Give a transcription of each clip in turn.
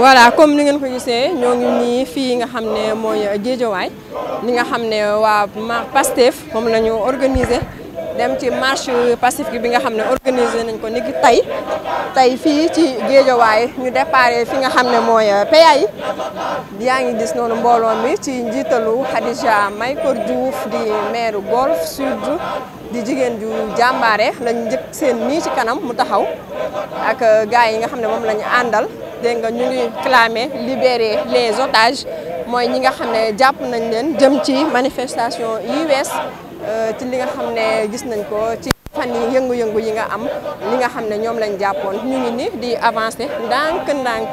voilà comme ni ngeen ko gisee ñoo ngi nii fii nga xam ne mooy Géejawaay ni nga xam ne waa Pastef moom la ñu organisé dem ci marche pacifique bi nga xam ne organisé nañ ko niki tey tey fii ci Géejawaay ñu déparé fi nga xam ne mooy PA yi yaa ngi gis noonu mbooloo mi ci njiitalu Khadija Mahécor Diouf di maire Golf Sud di jigéen ju jàmbaare lañ njëkk seen nii ci kanam mu taxaw ak euh, gars yi nga xam ne moom la àndal dégg nga ñu ngi clamer libérer les otages mooy ñi nga xam ne jàpp nañ leen jëm ci manifestation yi Euh, ci li nga xam ne gis nañ ko ci fan yi yëngu-yëngu yi nga am li nga xam ne ñoom lañ jàppoon ñu ngi ni di avancer ndànk-ndànk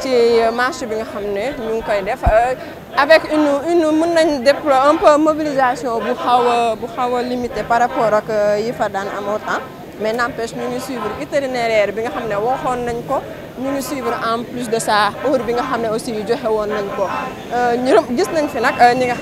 ci marche bi nga xam ne ñu ngi koy def euh, avec une une mën nañ déployer un peu mobilisation bu xaw a bu xaw a limité par rapport ak euh, yi fa daan amoo ah. mais n'empêche ñu ngi suivre bi nga xam ne waxoon nañ ko ñu ngi suivre en plus de ça heure bi nga xam ne aussi joxe woon nañ ko ñu gis nañ fi nag ñi nga.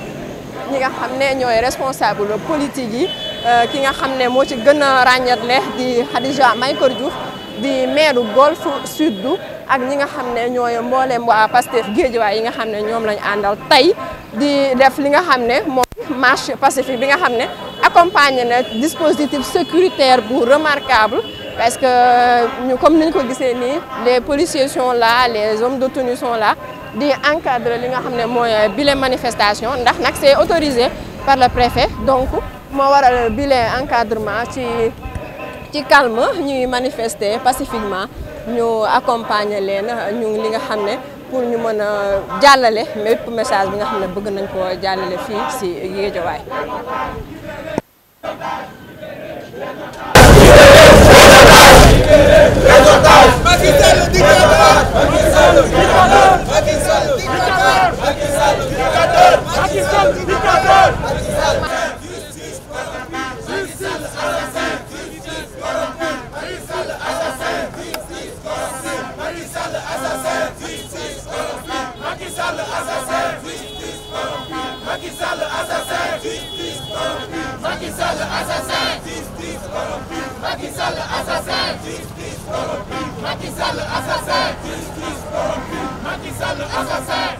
ñi nga xam ne ñooy responsable politique yi euh, ki nga xam ne moo ci gën a ràññatle di Khadija Mahécor Diouf di maire Golf Sud ak ñi nga xam ne ñooy mbooleem waa Pastef Guédiawaye yi nga xam ne ñoom lañ àndal tey di def li nga xam ne moom marche pacifique bi nga xam ne accompagné na dispositif sécuritaire bu remarquable parce que euh, ñu comme ni ñu ko gisee nii les policiers sont là les hommes de tenue sont la di encadrer li nga xam ne mooy euh, bile manifestation ndax nag c'est autorisé par le préfet donc moo waral bile encadrement ci ci calme ñuy manifester pacifiquement ñu accompagner leen ñu li nga xam ne pour ñu mën a jàllale mépp message bi nga xam ne bëgg nañ ko jàllale fii ci Guédiawaye Pakistan Macky Sall assassin justice corrompu Macky Sall assassin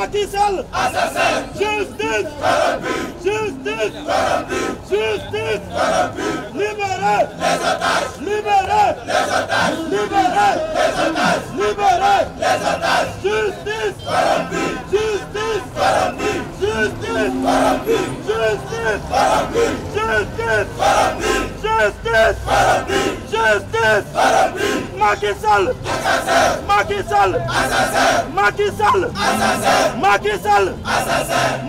Macky Sall assassin Macky Sall. assassin Macky Sall. assassin Macky Sall. assassin Macky Sall. assassin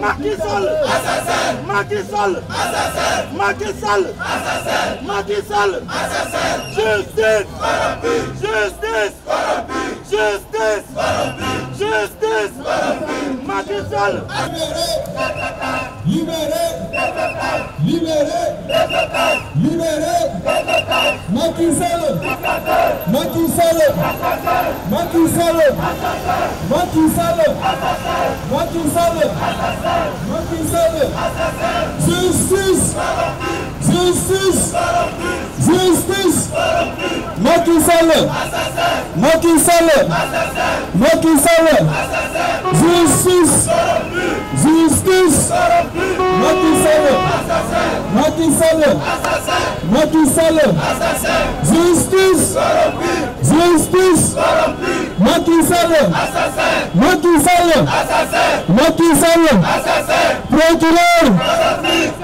Macky Sall. assassin Macky Sall. assassin Macky Sall. assassin Macky Sall. assassin Macky Sall. assassin justice. corruption justice. corruption justice. corruption justice. corruption Macky Sall. libéré. libéré. libéré. libéré. Macky Sall Macky Sall Macky Sall Macky Sall Macky Sall Macky Sall justice justice justice Macky Sall Macky Sall Macky Sall justice justice Macky Sall Macky Sall Macky Sall justice justice procureur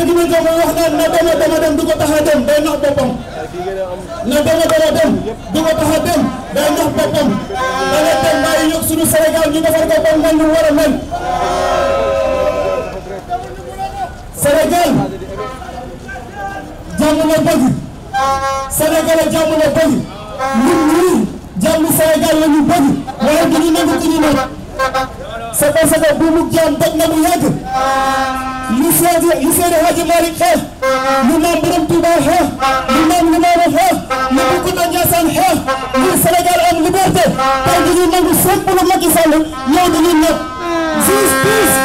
dëgg na jox wax naan na dama dama dem du ko tax a dem day nax boppam na dama dama dem du ko tax a dem day nax boppam dana dem bàyyi yóbbu suñu Sénégal ñu defar ko ba mel ni war a mel Sénégal jàmm la bëgg Sénégal jàmm la bëgg ñun ñii jàmm Sénégal la ñu bëgg waaye du ñu nangu ku ñu nag c'est parce que bu mu jaam daj na mu yàgg lu seede lu seede Hadji Malick xeex lu maam Borom Touba xeex lu maam Limaamu xeex lu Bukuta Ndiassane xeex ngir Sénégal am liberté tey dañuy nangu sëpp lu Macky Sall ñëw dañuy nekk justice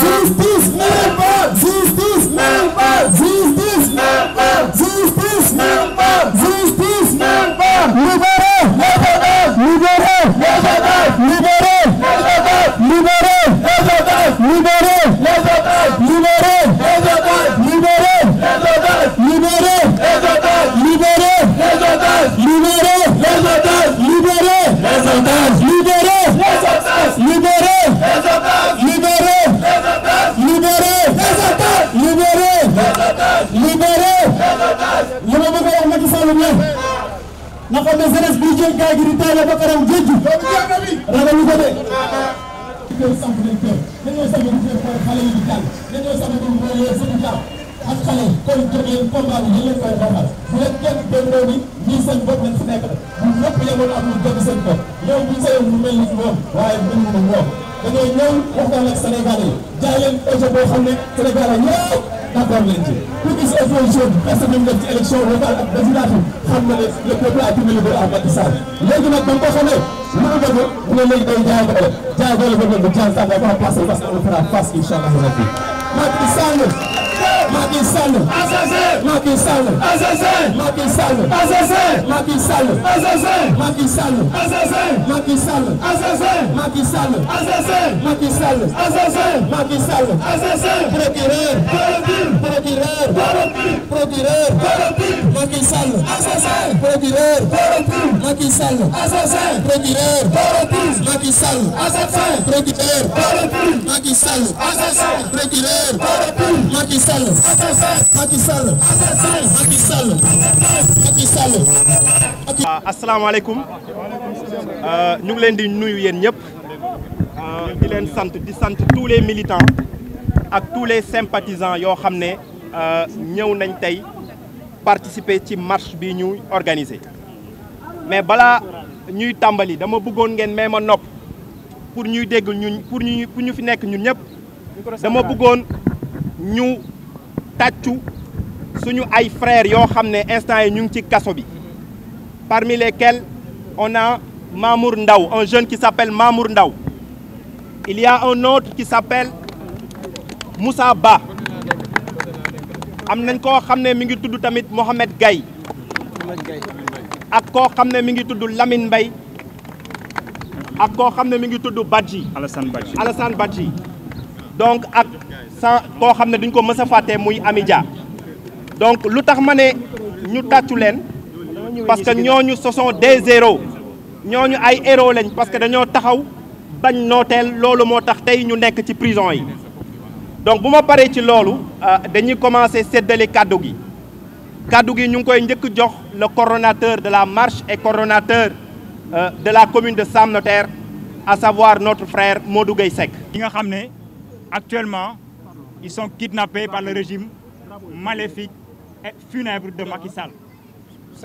justice même pas justice même pas justice même pas justice même pas justice même pas libéré Saloum la nga xam ne jeunesse bi jël gaay gi di taale ba karam jëjju ragalu ko de dañoo samp nañ kër dañoo samp nañ kër mooy xale yi di jàng dañoo samp nañ kër mooy seen jàng ak xale yi kon jógee combat bi dañ leen koy doxal bu leen kenn dégloo ni ñii seen bopp lañ fi nekk bu ñëpp yemoon am lu jëm seen bopp yow bu seyoon lu mel ni moom waaye mën mu moom dañoo ñëw waxtaan ak Sénégalais yi jaay leen projet boo xam ne Sénégalais yëpp d'accord leen ci gis opposition bi parce que nañ def ci élection locale ak législative xam na ne le peuple a tourné le dos à Macky Sall léegi nag ba nga ko xamee lu mu def mu ne léegi day jaay doole jaay doole ba mu ne bu jaay sànq dafa passé parce que on fera face incha allah rabbi Macky Sall Macky Sall assassin Macky Sall assassin Macky Sall assassin Macky Sall assassin Macky Sall assassin Macky Sall assassin Macky Sall assassin Macky Sall assassin Macky Sall assassin procureur procureur procureur Macky Sall assassin procureur Macky Sall assassin procureur Macky Sall assassin procureur Macky Sall assassin procureur Macky Sall Macky Sall Macky asalaamaaleykum ñu ngi leen di nuyu yéen ñëpp euh, di leen sant di sant tous les militans ak tous les sympathisants yoo xam ne euh, ñëw nañ tey participer ci marche bi ñu organiser mais bala ñuy tàmbali dama buggoon ngeen may ma nopp pour ñuy dégg ñun pour ñu pour ñu fi nekk ñun ñëpp dama bëggoon ñu tàccu suñu ay frères yoo xam ne instant yi ñu ngi ci kaso bi parmi lesquels on a Mamour Ndaw un jeune qui s'appelle Mamour Ndaw il y a un autre qui s'appelle Moussa Ba am nañ koo xam ne mi ngi tudd tamit Mohamed gay ak koo xam ne mi ngi tudd lamin mbay ak koo xam ne mi ngi tudd Badji Alassane Badji Alassane Badji donc ak sans koo xam ne duñ ko mës a fàtte muy Amidia donc lu tax ma ne ñu tàccu leen parce que ñooñu ce sont des héros ñooñu ay héros lañ parce que dañoo taxaw bañ nooteel loolu moo tax tey ñu nekk ci prison yi donc bu ma paree ci loolu euh, dañuy commencer séddale kàddu gi kàddu gi ñu ngi koy njëkk jox le coordonnateur de la marche et cordonateur euh, de la commune de Sam Notaire à savoir notre frère Modou Gueye Seck. ki nga xam ne actuellement. Ils sont kidnappés par le régime maléfique et funèbre de Macky Sall.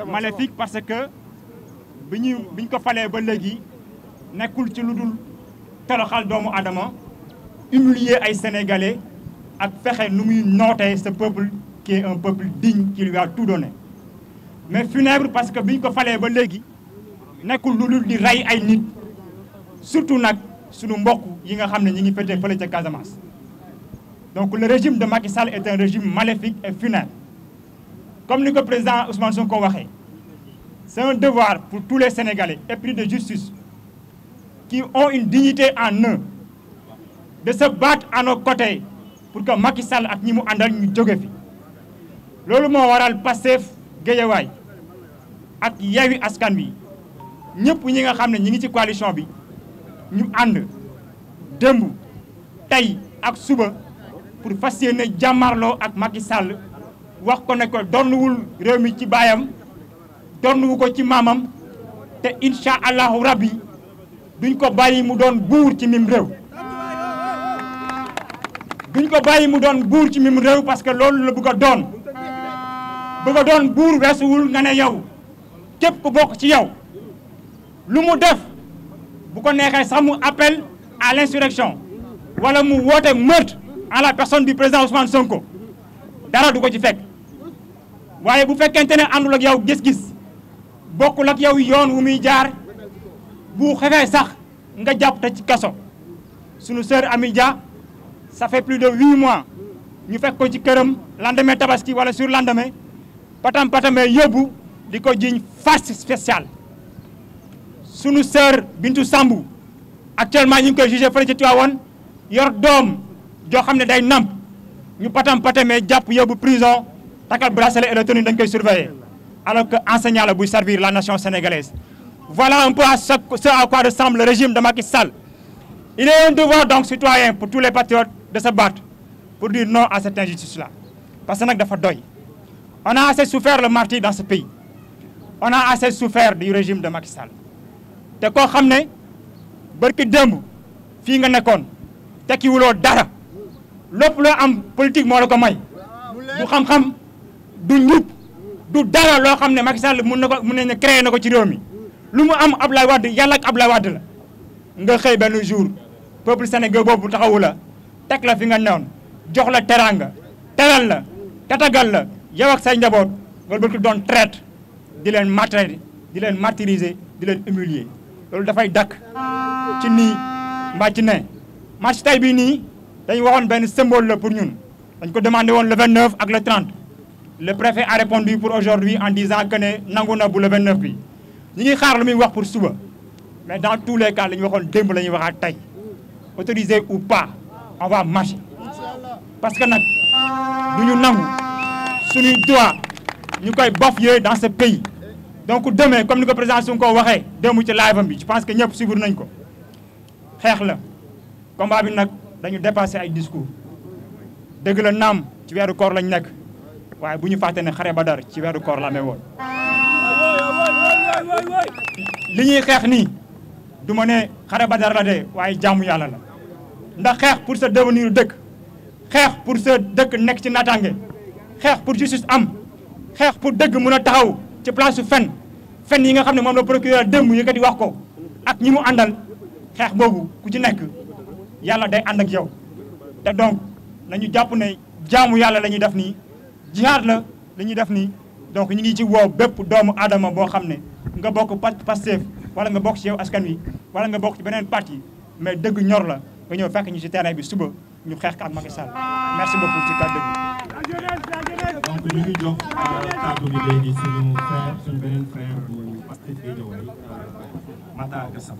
maléfique parce que bi ñu bi ko falee ba léegi nekkul ci lu dul toroxal doomu adama humilier ay sénégalais ak fexe nu muy nootee ce peuple qui est un peuple digne qui lui a tout mais funèbre parce que bi ñu ko falee ba léegi nekkul lu dul di rey ay nit surtout nag sunu mbokk yi nga xam ne ñi ngi féetee fële ca Casamance. donc le régime de Macky Sall est un régime maléfique et funèbre comme ni ko président Ousmane Sonko waxee c'est un devoir pour tous les Sénégalais épris de justice qui ont une dignité en eux de se battre à nos côtés pour que Macky Sall ak ñi mu àndal ñu jóge loolu moo waral Pastef Guédiawaye ak Yewwi Askan Wi ñëpp ñi nga xam ne ñi ngi ci coalition bi ñu ànd démb tey ak suba pour fas yéene jàmmarloo ak Macky Sall wax ko ne ko réew mi ci baayam donnuwu ko ci maamam te incha allahu rabbi duñ ko bàyyi mu doon buur ci mim réew. duñ ko bàyyi mu doon buur ci mim réew parce que loolu la bëgg a doon bëgg doon buur weesuwul nga ne yow képp ku bokk ci yow lu mu def bu ko neexee sax mu appel à l'insurrection wala mu woote meurtre. en la personne du président Ousmane Sonko dara du ko ci fekk waaye bu fekkente ne àndul ak yow gis-gis bokkul ak yow yoon wu muy jaar bu xefee sax nga jàpp te ci kaso sunu sœur Amy Dia ça fait plus de huit mois ñu fekk ko ci këram lendemain tabaski wala sur lendemain patam patamee yóbbu di ko jiiñ farce spéciale sunu sœur Bintou Sambou actuellement ñu koy jugé fële ci Tivaouane yor doom joo xam ne day namp ñu patam patamee jàpp yóbbu prison takal bracelet électronique dañ koy surveiller alors que enseignant la buy servir la nation sénégalaise. voilà un peu à ce à quoi ressemble le régime de Macky Sall il est un devoir donc citoyen pour tous les patriotes de se battre pour dire non à cette injustice là parce que nag dafa doy on a assez souffert le martyre dans ce pays on a assez souffert du régime de Macky Sall te koo xam ne barki démb fii nga nekkoon tekkiwuloo dara lépp loo am politique moo la ko may du xam-xam du njub du dara loo xam ne Macky Sall mun na ko mun nañu créé na ko ci réew mi lu mu am Ablaye Wade yàlla ak Ablaye Wade la nga xëy benn jour peuple sénégalais boobu taxawu la teg fi nga newoon jox la teraanga teral la tatagal la yow ak say njaboot nga bëgg doon traite di leen maltraiter di leen martyriser di leen humilier loolu dafay dakk ci nii mbaa ci ne marche tay bii nii dañ waxoon benn symbole la pour ñun dañ ko demandé woon le 29 ak le 30 le préfet a répondu pour aujourd'hui en disant que ne nangu na bu le 29 bi ñu ngi xaar lu muy wax pour suba mais dans tous les cas li ñu waxoon démb la ñuy waxaat tey autorisé ou pas on va marché parce que nag du ñu nangu suñuy droit ñu koy bafouer dans ce pays donc demain comme ni ko président Sonko ko waxee démb ci live am bi je pense que ñëpp suivre nañ ko xeex la combat bi nag dañu dépassé ay discours dëgg la naam ci weeru koor lañ nekk waaye bu ñu fàtte ne xare Badar ci weeru koor la amee woon. li ñuy xeex nii du ma ne xare Badar la de waaye jaamu yàlla la ndax xeex pour sa devenir dëkk xeex pour sa dëkk nekk ci naataange xeex pour justice am xeex pour dëgg mën a taxaw ci place su fen fen yi nga xam ne moom la procureur démb yëkkati wax ko ak ñi mu àndal xeex boobu ku ci nekk. yàlla day ànd ak yow te donc nañu jàpp ne jaamu yàlla la ñuy def nii jihaad la lañuy def nii donc ñu ngi ci woow bépp doomu aadama boo xam ne nga bokk Pastef wala nga bokk ci yow askan wi wala nga bokk ci beneen yi mais dëgg ñor la nga ñëw fekk ñu ci terrain bi suba ñu xeex ak Macky Sall merci beaucoup ci kàddu gi ñu ngi jox euh,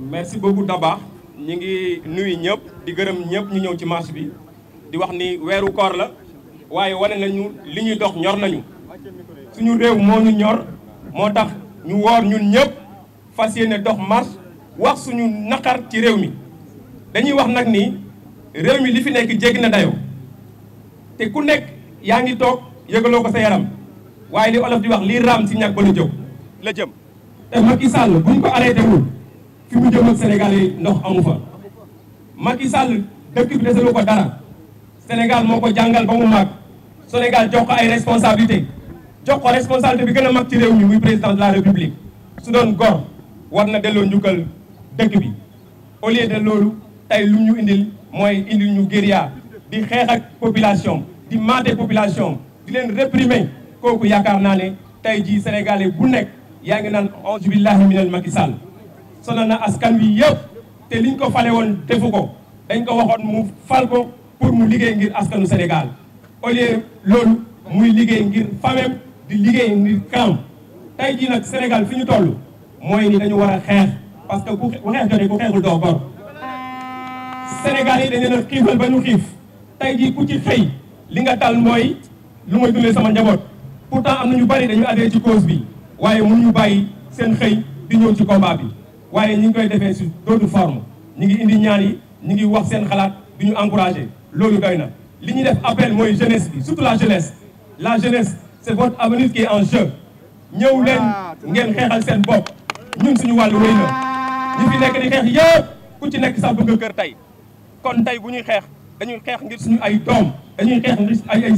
merci beaucoup Daba ñi ngi nuyu ñëpp di gërëm ñëpp ñu ñëw ci marche bi di wax ni weeru koor la waaye wane nañu li ñuy dox ñor nañu suñu réew moo ñu ñor moo tax ñu woor ñun ñëpp fas yéene dox marche wax suñu naqar ci réew mi dañuy wax nag ni réew mi li fi nekk jéggi na dayoo te ku nekk yaa ngi toog yëgaloo ko sa yaram waaye li olof di wax lii raam si ñàkk ba la jëw la jëm te Macky Sall buñ ko arrêté fi mu jëm ak Sénégal yi ndox amu fa Macky Sall dëkk bi desalu ko dara Sénégal moo ko jàngal ba mu màgg Sénégal jox ko ay responsabilité jox ko responsabilité bi gën a mag ci réew mi muy président de la république su doon gor war na delloo njukkal dëkk bi au de loolu tey lu ñu indil mooy indil ñu guérilla di xeex ak population di maate population di leen réprimer kooku yaakaar naa ne tey jii sénégalais bu nekk yaa ngi naan auzu billahi minal Macky sonal na askan wi yëpp te liñ ko fale woon defu ko dañ ko waxoon mu fal ko pour mu liggéey ngir askanu senegal au lieu loolu muy liggéey ngir famem di liggéey ngir kanam tey jii nag Sénégal fi ñu toll mooy ni dañu war a xeex parce que ku xeex jotee ku xeexul doo gor Sénégal yi dañ leen a xiifal ba ñu xiif tey jii ku ci xëy li nga tal mooy lu may dundee sama njaboot pourtant am na ñu bari dañu adhéré ci cause bi waaye mun mënuñu bàyyi seen xëy di ñëw ci combat bi waaye ñu ngi koy defee si d'autres formes ñu ngi indi ñaan yi ñu ngi wax seen xalaat du ñu encouragé loolu doy na li ñuy def appel mooy jeunesse bi surtout la jeunesse la jeunesse c'est votre avenir qui est en jeu ñëw leen ngeen xeexal seen bopp ñun suñu wàllu rëy na ñu fi nekk di xeex yëpp ku ci nekk sax bëgg kër tey kon tey bu ñuy xeex dañuy xeex ngir suñu ay doom dañuy xeex ngir ay ay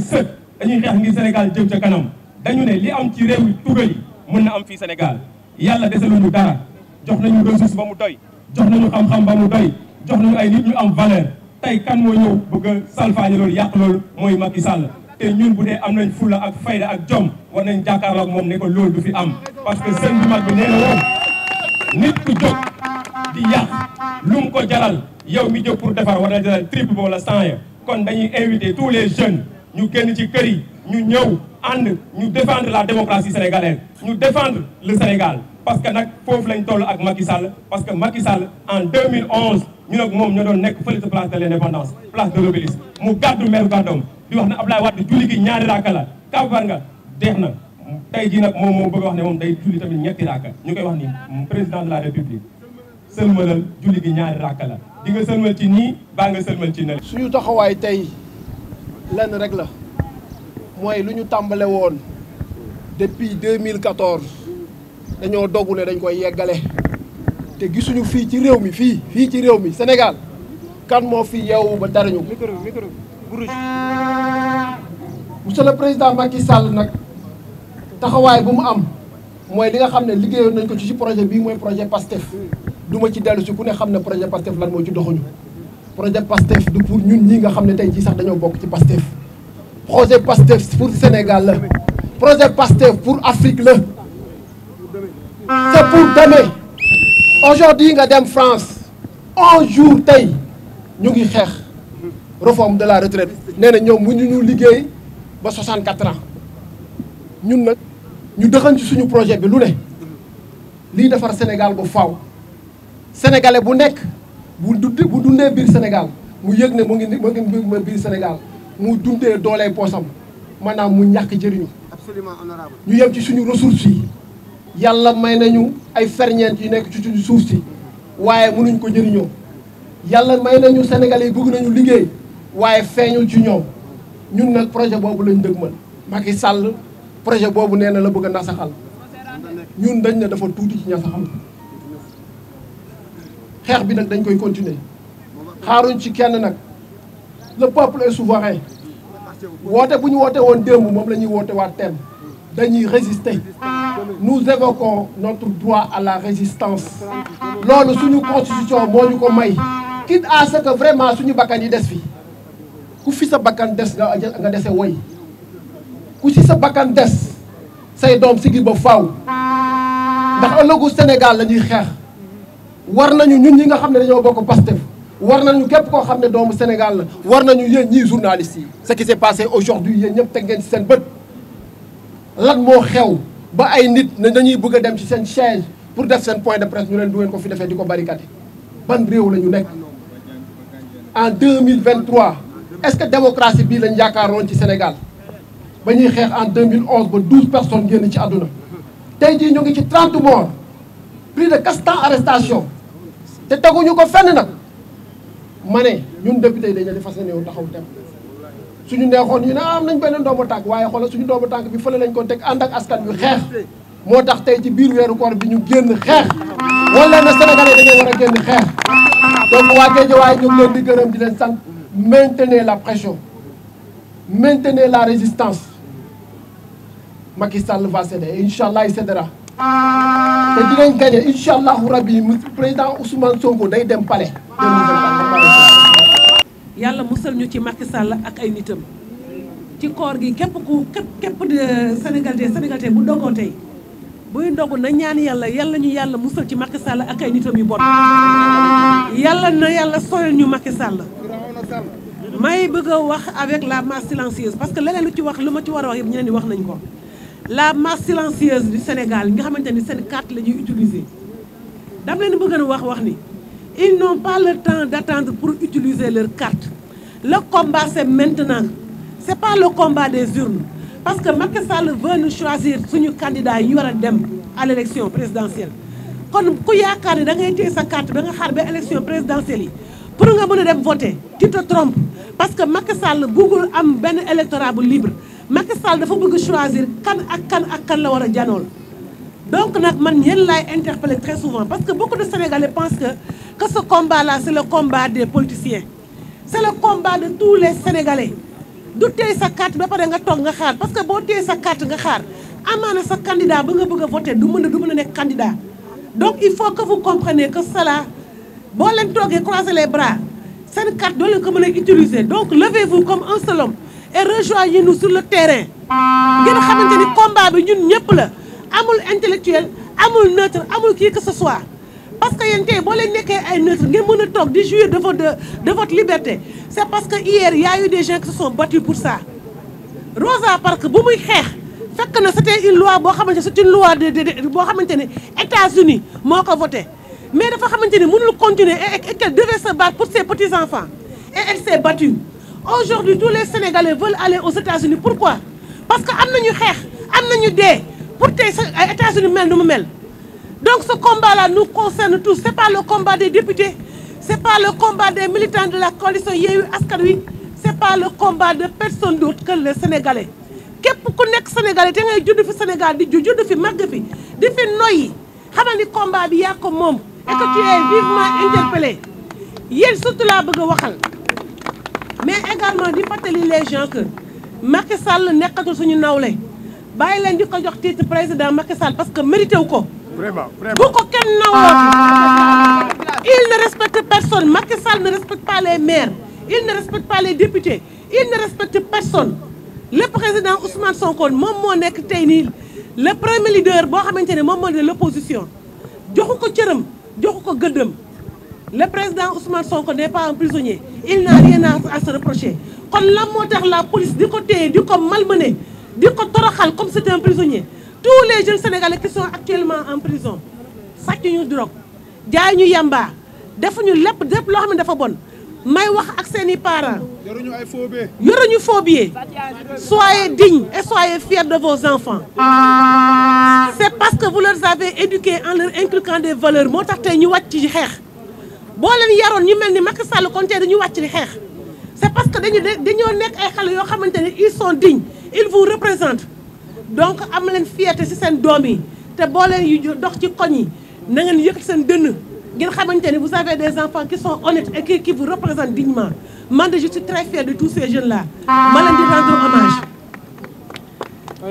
dañuy xeex ngir Sénégal jëm ca kanam dañu ne li am ci réew yi tugal mën na am fii Sénégal yàlla desaluñu dara jox nañu ressource ba mu doy jox nañu xam-xam ba mu doy jox nañu ay nit ñu am valeur tey kan moo ñëw bëgg a salfaañe loolu yàq loolu mooy Macky Sall te ñun bu dee am nañ fulla ak fayda ak jom war nañ jàkkaarlook moom ne ko loolu du fi am parce que seen bi mag bi nee na nit ku jóg di yàq lu mu ko jaral yow mi jóg pour defar war na jaral triple ba wala cent ya kon dañuy invité tous les jeunes ñu génn ci kër yi ñu ñëw ànd ñu défendre la démocratie sénégalaise ñu défendre le Sénégal parce que nag foofu lañ toll ak Macky Sall parce que Macky Sall en 2011 ñu nag moom ñoo doon nekk fële ca place de l' indépendance place de l'obélisque mu gàddu meeru gàddoom di wax ne Abdoulaye Wade julli gi ñaari raaka la kabar nga deex na tey jii nag moom moo bëgg a wax ne moom day julli tamit ñetti raaka ñu koy wax ni président de la république sëlmalal julli gi ñaari raaka la di nga sëlmal ci nii baa nga sëlmal ci nal suñu taxawaay tey lenn rek la mooy lu ñu tàmbale woon depuis dañoo dogu ne dañ koy yeggale te gisuñu fii ci réew mi fii fii ci réew mi Sénégal kan moo fi yeewu ba dara ñu. micro micro monsieur le président Macky Sall nag taxawaay bu mu am mooy li nga xam ne liggéeyoon nañ ko ci ci projet bii mooy projet PASTEF du ma ci dellu si ku ne xam ne projet PASTEF lan moo ci doxuñu projet PASTEF du pour ñun ñi nga xam ne tey jii sax dañoo bokk ci PASTEF projet PASTEF pour Sénégal la projet PASTEF pour Afrique la. c'est pour demain aujourd'hui nga dem France onze jours tey ñu ngi xeex réforme de la retraite nee na ñoom mu ñu ñu liggéey ba 64 ans ñu nag ñu dëxan ci suñu projet bi lu ne lii defar Sénégal bu faw sénégalais bu nekk bu dund bu dundee biir Sénégal mu yëg ne mu ngi mu ngi biir Sénégal mu dundee doolee poosam maanaam mu ñàkk jëriñu absolument honorable ñu yem ci suñu ressources yi yàlla may nañu ay ferñeent yu nekk ci suuf si waaye mënuñ ko jëriñoo yàlla may nañu Sénégalais yi bëgg nañu liggéey waaye feeñul ci ñoom ñun nag projet boobu lañ dëgmal Macky sàll projet boobu nee na la bëgg a nasaxal ñun dañ ne dafa tuuti ci nasaxal xeex bi nag dañ koy continuer xaaruñ ci kenn nag le peuple est souverain woote bu ñu woote woon démb moom la ñuy woote waat teen dañuy résister nous évoquons notre droit à la résistance loolu suñu constitution moo ñu ko may quitte à ce que vraiment suñu bakkan yi des fii ku fi sa bakkan des nga nga dese woy ku ci sa bakkan des say doom sigir ba faaw ndax ëllëgu Sénégal la ñuy xeex war nañu ñun ñi nga xam ne dañoo bokk Pastef war nañu képp koo xam ne doomu Sénégal la war nañu yéen ñii journalistes yi ce qui s'est passé aujourd'hui yéen ñëpp teg ngeen ci seen bët lan moo xew ba ay nit ne dañuy bëgg a dem ci seen siège pour def seen point de presse ñu leen du ngeen ko fi defee di ko barricade ban réew la ñu nekk en mille 2023 est-ce que démocratie bii lañ yaakaaroon ci Sénégal ba ñuy xeex en 2011 ba 12 personnes génn ci àdduna tey jii ñu ngi ci 30 morts plus de 400 arrestation te teguñu ko fenn nag ma ne ñun député yi dañu di fas taxaw dem. suñu neexoon ñu ne am nañ beneen doomu tànk waaye xoolal suñu doomu tànk bi fële lañ ko teg ànd ak askan wi xeex moo tax tey ci biir weeru koor bi ñu génn xeex loolu leen na sénégalais war a génn xeex donc waa Guédiawaye ñu ngi leen di gërëm di leen sant maintenez la pression maintenez la résistance Macky Sall va céder incha allah il cédera te dinañ gagné incha allahu rabi président Ousmane Sonko day dem palais yàlla musal ñu ci Macky Sall ak ay nitam ci koor gi képp ku képp képp de Sénégal de Sénégal te bu dogoo tey buy ndogu na ñaan yàlla yàlla ñu yàlla musal ci Macky Sall ak ay nitam yu bon yàlla na yàlla soyal ñu Macky Sall may bëgg a wax avec la masse silencieuse parce que leneen lu ci wax lu ma ci war a wax yëpp ñeneen ñi wax nañ ko la masse silencieuse du Sénégal yi nga xamante ni seen carte la ñuy utiliser dam leen bëgg a wax wax ni Ils n'ont pas le temps d'attendre pour utiliser leur carte. Le combat, c'est maintenant. Ce n'est pas le combat des urnes. Parce que Macky Sall veut nous suñu candidat yi ñu war a dem à l' élection présidentielle kon ku yaakaar ne da ngay téye sa carte ba nga xaar ba élection présidentielle yi pour nga mën a dem voter tu tromp parce que Macky Sall bëggul am benn électorat libre Macky Sall dafa bëgg choisir kan ak kan ak kan la war a janool donc nag man yéen laay interpellé très souvent parce que beaucoup de Sénégalais pensent que que ce combat là c'est le combat des politiciens c'est le combat de tous les Sénégalais du téye sa carte ba pare nga toog nga xaar parce que boo téye sa carte nga xaar amaana sa candidat ba nga bëgg a voter du mën a du mën a nekk candidat donc il faut que vous compreniez que cela boo leen toogee croiser les bras seen carte doo leen ko mën a utiliser donc levez-vous comme un seul homme et rejoignez-nous le terrain ngeen xamante ni combat bi ñëpp la amul intellectuel amul neutre amul qui que ce soit parce tey boo leen nekkee ay neutre ngeen mën a toog di jouir de votre liberté c'est parce que hier y a eu des gens qui se sont battus pour ça Rosa Parks bu muy xeex fekk na c'était une loi boo xamante c'est une loi de de boo xamante ni États-Unis moo ko voté mais dafa xamante ni mënul continuer et qu'elle devait se battre pour ses petits enfants et elle s'est battue aujourd'hui tous les Sénégalais veulent aller aux pour tey sax ay États-Unis mel nu mu mel donc ce combat là nous concerne tous c'est pas le combat des députés c'est pas de la coalition Yewwi Askan Wi c'est pas de personne d'autre que le sénégalais képp ku nekk sénégalais te ngay judd fi Sénégal di judd fi màgg fi di fi noyyi xamal ni combat bi yaa ko moom et que tu es vivement interpellé laa bëgg waxal mais également di fàttali les gens que Macky Sall nekkatul suñu nawle bàyyi leen di ko jox titre président Macky Sall parce que mérité wu ko. vraiment vraiment bu ko kenn nawooti. il ne respecte personne Macky Sall ne respecte pas les maires il ne respecte pas les il ne respecte personne le président Ousmane Sonko moom moo nekk tey nii le premier leader boo xamante ne moom moo ne l' opposition joxu ko cëram joxu ko gëddam le président Ousmane Sonko n'est pas un prisonnier il n'a rien à se reprocher kon lan moo tax la police di ko téye di di ko toroxal comme c'est un prisonnier tous les jeunes sénégalais qui sont actuellement en prison sàcc ñu drogue jaay ñu yamba defuñu lépp lépp loo xam ne dafa bon may wax ak seen i parents yoruñu ay phobie yoruñu phobie soyez de vos enfants c'est parce que vous les avez éduqués en leur inculquant des valeurs moo tax tey ñu wàcc ci xeex boo leen yaroon ñu mel ni Macky Sall kon tey dañu wàcc ci xeex c'est parce que dañu dañoo nekk ay xale yoo xamante ne ils sont il vous représente donc am leen fierté si seen doom yi te boo leen yu dox ci koñ yi na ngeen yëkkati seen dënn ngeen xamante ni vous avez des enfants qui sont honnêtes et qui qui vous représentent dignement man de je suis très fière de tous ces jeunes là ah. ma leen di rendre hommage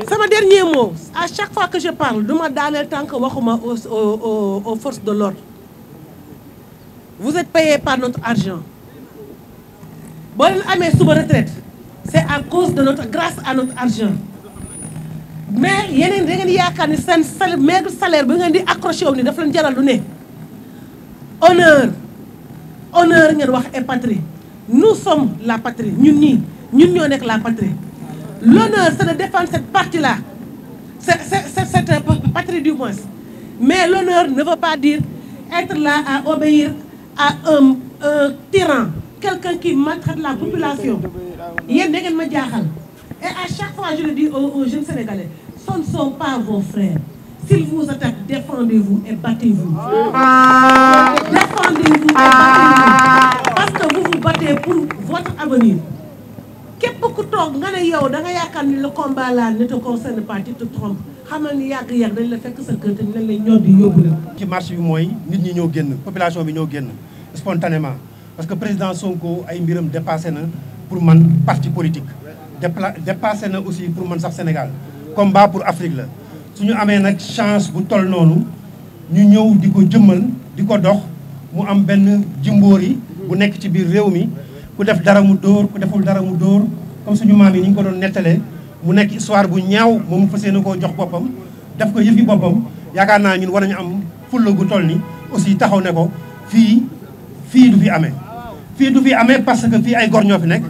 sama dernier mot à chaque fois que je parle du ma daaneel tànk waxuma aux aux de l'ordre vous êtes payés par notre argent boo leen amee suba retraite c'est à cause de notre grâce à notre argent mais yeneen da ngeen yaakaar ni seen salaire maigre salaire bi ngeen di accroché wu ni daf leen jaral lu ne honneur honneur ngeen wax et patrie nous sommes la patrie ñun ñii ñun ñoo nekk la patrie l'honneur c'est de défendre cette partie là c'est c'est cette patrie du moins mais l'honneur ne veut pas dire être là à obéir à un, un tyran quelqu'un qui maltraite la population yéen da ngeen ma jaaxal et chaque fois je le dis aux jeunes sénégalais ce ne vos frères s'ils vous vous et battez défendez-vous et battez-vous parce que vous vous battez pour votre avenir képp ku toog nga ne yow da nga yaakaar ni le combat là ne te concerne pas tu te trompes xamal ni yàgg-yàgg dañ la fekk sa kër te dinañ di yóbbu la ci marche bi mooy nit ñi ñoo génn population bi ñoo génn spontanément parce que président Sonko ay mbiram dépasé na pour man parti politique dépassé na aussi pour man sax Sénégal ba pour Afrique la su ñu amee nag chance bu toll noonu ñu ñëw di ko jëmmal di ko dox mu am benn jimboor yi bu nekk ci biir réew mi ku def dara mu dóor ku deful dara mu dóor comme suñu maam yi ni ñu ko doon nettalee mu nekk histoire bu ñaaw moom mu fas yéene koo jox boppam def ko yëfi boppam yaakaar naa ñun war nañu am fulla gu toll ni aussi taxaw ne ko fii fii du fi amee fii du fi amee parce que fii ay gor ñoo fi nekk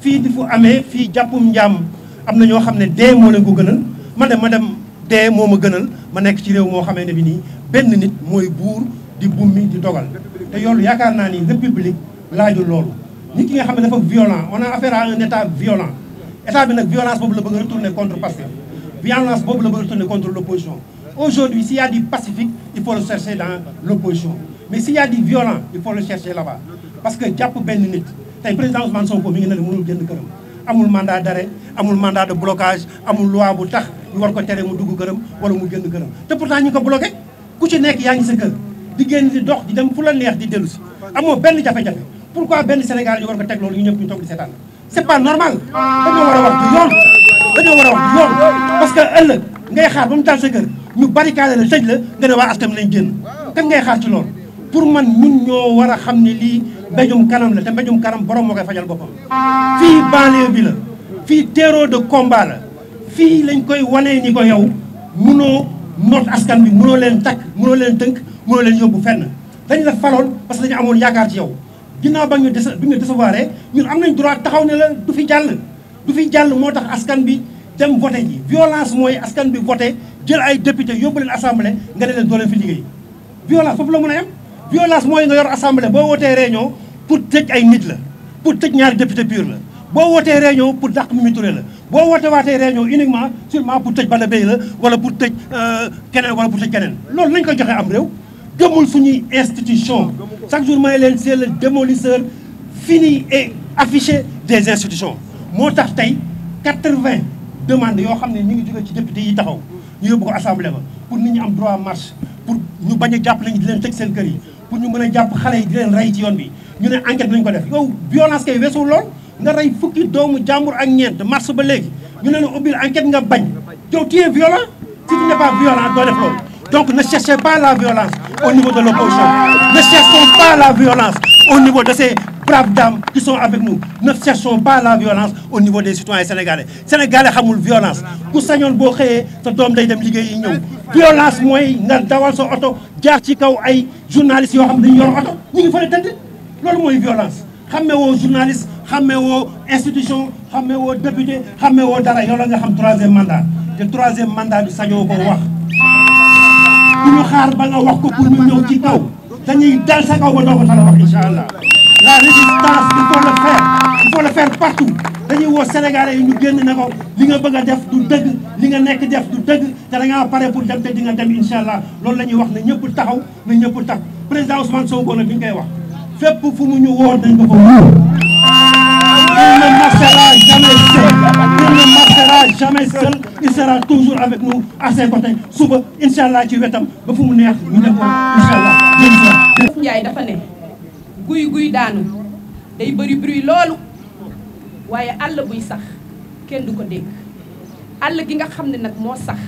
fii du fu amee fii jàppum njaam am na ñoo xam ne dee moo leen ko gënal man de ma dem dee moo ma gënal ma nekk ci réew moo xamee ne bi nii benn nit mooy buur di bummi di dogal te yoolu yaakaar naa ni république laaju loolu nit ki nga xam ne dafa violent on a affaire à un état violent état bi nag violence boobu la bëgg a retourner contre Pastef violence boobu la bëgg a retourner contre l'opposition aujourd'hui s'il y a du pacifique il faut a parce que jàpp benn nit tey président Ousmane Sonko mi ngi ne la mënul génn këram amul mandat d'arrêt amul mandat de blocage amul loi bu tax ñu war ko tere mu dugg këram wala mu génn këram te pourtant ñu ko bloqué ku ci nekk yaa ngi sa kër di génn di dox di dem fu la neex di dellu si amoo benn jafe-jafe pourquoi benn Sénégal ñu war ko teg loolu ñu ñëpp ñu toog di seetaan c'est pas normal dañoo war a wax du yoon dañoo war a wax du yoon parce que ëllëg ngay xaar ba mu taal sa kër ñu barricade la tëj la nga ne waa askan lañ pour man ñun ñoo war a xam ne lii mbéjum kanam la te mbéjum kanam borom moo koy fajal boppam. fii banlieue bi la fii terreau de combat la fii lañ koy wanee ñi ko yow munoo noot askan bi munoo leen takk munoo leen tënk munoo leen yóbbu fenn dañ la faloon parce que dañu amoon yaakaar ci yow. ginnaaw ba ñu dese bi ñu décevoir ñun am nañ droit taxaw ne la du fi jàll du fi jàll moo tax askan bi tem voté ji violence mooy askan bi voté jël ay député yóbbu leen assemblée nga ne leen doo fi liggéey violence foofu la mën a yem. violence mooy nga yor assemblée boo wootee réunion pour tëj ay nit la pour tëj ñaari député pur la boo wootee réunion pour dàq Mimi Touré la boo wootee waatee réunion uniquement sûrement pour tëj Balla Bèye la wala pour tëj euh, keneen wala pour tëj keneen loolu nañ koy joxee am réew gëmul suñuy institution chaque jour may leen c'est le démolisseur fini et affiché des institutions moo tax tey quatre-vingt demandes yoo xam ne ñu ngi jóge ci député yi taxaw ñu yóbbu ko assemblée ba pour nit ñi am droit marche pour ñu bañ a jàpp lañu di leen tëj seen kër yi pour ñu mën a jàpp xale yi di leen rey ci yoon bi ñu ne enquête nañu ko def yow violence kay weesu lool nga rey fukki doomu jàmbur ak ñeent mars ba léegi ñu ne la ubbil enquête nga bañ yow tu es violent si tu n'es pas violent doo def loolu donc ne cherchez pas la violence au niveau de l'opposition ne cherchons pas la violence au niveau de ces braves dames qui sont avec nous ne cherchons pas la violence au niveau des citoyens sénégalais sénégalais xamul violence ku sañoon boo xëyee sa doom day dem liggéey yi ñëw violence mooy nga dawal sa oto jaar ci kaw ay journalistes yoo xam ne dañu yor oto ñu ngi fële tënd loolu mooy violence xamme woo journaliste xamme woo institution xamme woo député xamme woo dara yow la nga xam troisième mandat te troisième mandat bi sañoo ko wax du ñu xaar ba nga wax ko pour ñu ñëw ci kaw dañuy dal sa kaw ba doo ko tala wax incha allah la résistance il faut le faire il faut le faire partout dañuy woo Sénégalais yi ñu génn ne ko li nga bëgg a def du dëgg li nga nekk def du dëgg te da ngaa pare pour dem te di nga dem incha allah loolu la ñuy wax ne ñëpp taxaw na ñëpp tax président Ousmane Sonko nag bi ñu koy wax fépp fu mu ñu woo nañ ko fa wóor. il ne marchera jamais seul il ne marchera jamais seul il sera toujours avec nous à ses suba incha ci wetam ba fu mu neex ñu ne ko incha allah. Ndiaye dafa ne. guy guy daanu day bëri bruit loolu waaye àll buy sax kenn du ko dégg àll gi nga xam ne nag moo sax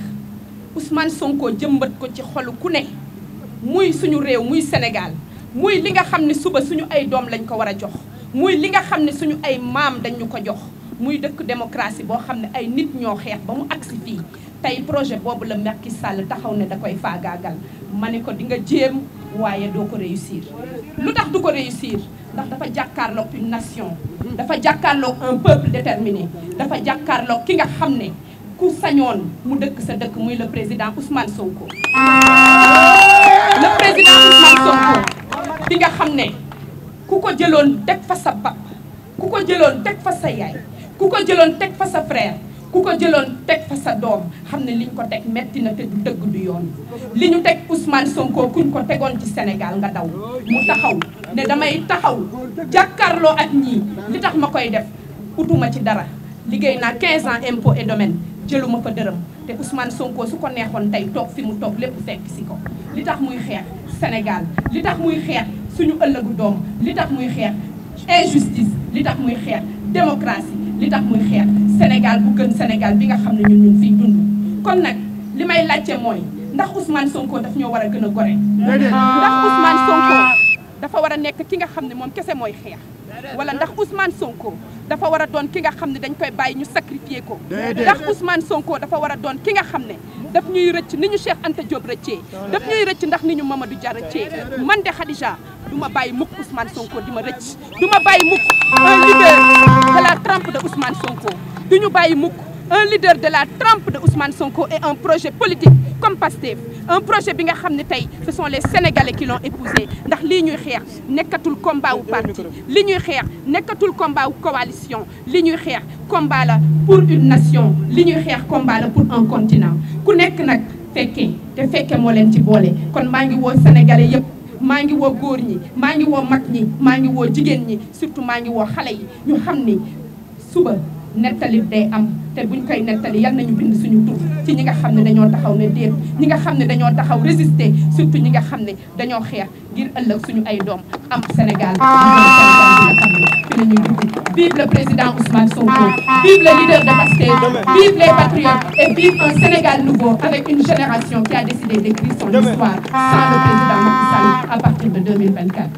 Ousmane sonkoo jëmbat ko ci xolu ku ne muy suñu réew muy Sénégal muy li nga xam ne suba suñu ay doom lañ ko war a jox muy li nga xam ne suñu ay maam dañu ko jox muy dëkk démocratie boo xam ne ay nit ñoo xeex ba mu agsi fii tey projet boobu la Macky Sall taxaw ne da koy faagaagal ma ne ko di nga jéem waaye doo ko réussir lu tax du ko réussir ndax dafa jàkkaarloog une nation dafa jàkkaarloog un peuple déterminé dafa jàkkaarloog ki nga xam ne ku sañoon mu dëkk sa dëkk muy le président Ousmane Sonko le président Ousmane Sonko ki nga xam ne ku ko jëloon teg fa sa pap ku ko jëloon teg fa sa yaay ku ko jëloon teg fa sa frère ku ko jëloon teg fa sa doom xam ne liñ ko teg metti na te du dëgg du yoon li ñu teg Ousmane Sonko kuñ ko tegoon ci Sénégal nga daw mu taxaw ne damay taxaw jàkkaarloo ak ñii li tax ma koy def utuma ci dara liggéey naa quinze ans impôt et domaine jëluma fa dërëm te Ousmane Sonko su ko neexoon tey toog fi mu toog lépp fekk si ko li tax muy xeex Sénégal li tax muy xeex suñu ëllëgu doom li tax muy xeex injustice li tax muy xeex démocratie li tax muy xeex Sénégal bu gën Sénégal bi nga xam ne ñun ñu ngi fiy dund kon nag li may laajte mooy ndax Ousmane Sonko daf ñoo war a gën a gore ndax Ousmane Sonko dafa war a nekk ki nga xam ne moom kese mooy xeex wala ndax Ousmane Sonko dafa war a doon ki nga xam ne dañ koy bàyyi ñu sacrifier ko ndax Ousmane Sonko dafa war a doon ki nga xam ne daf ñuy rëcc ni ñu Cheikh Anta Diop rëccee daf ñuy rëcc ndax ni ñu Mamadou Dia rëccee man de Khadija du bàyyi mukk Ousmane Sonko di ma rëcc du bàyyi mukk un leader de la trempe de Ousmane Sonko du ñu bàyyi mukk un leader de la trempe de Ousmane Sonko et un projet politique comme PASTEF un projet bi nga xam ne tey ce les sénégalais qui l'ont épousé ndax lii ñuy xeex nekkatul combat wu parti li ñuy xeex nekkatul combat wu coalition li ñuy xeex combat la pour une nation li ñuy xeex combat pour un continent ku nekk nag fekkee te fekkee moo leen ci boole kon maa ngi woo sénégalais yëpp. maa ngi woo góor ñi maa ngi woo mat ñi maa ngi woo jigéen ñi surtout maa ngi woo xale yi ñu xam ni suba nettali day am te buñ koy nettali yal ñu bind suñu tur ci ñi nga xam ne dañoo taxaw ne déet ñi nga xam ne dañoo taxaw résister surtout ñi nga xam ne dañoo xeex ngir ëllëg suñu ay doom am Sénégal ah. fi la ñuy dugg vive le président Ousmane Sonko ah. vive le leader de Pastef ah. vive les patriotes et vive Sénégal nouveau avec une génération qui a décidé d'écrire son histoire sans le président Macky mille vingt partir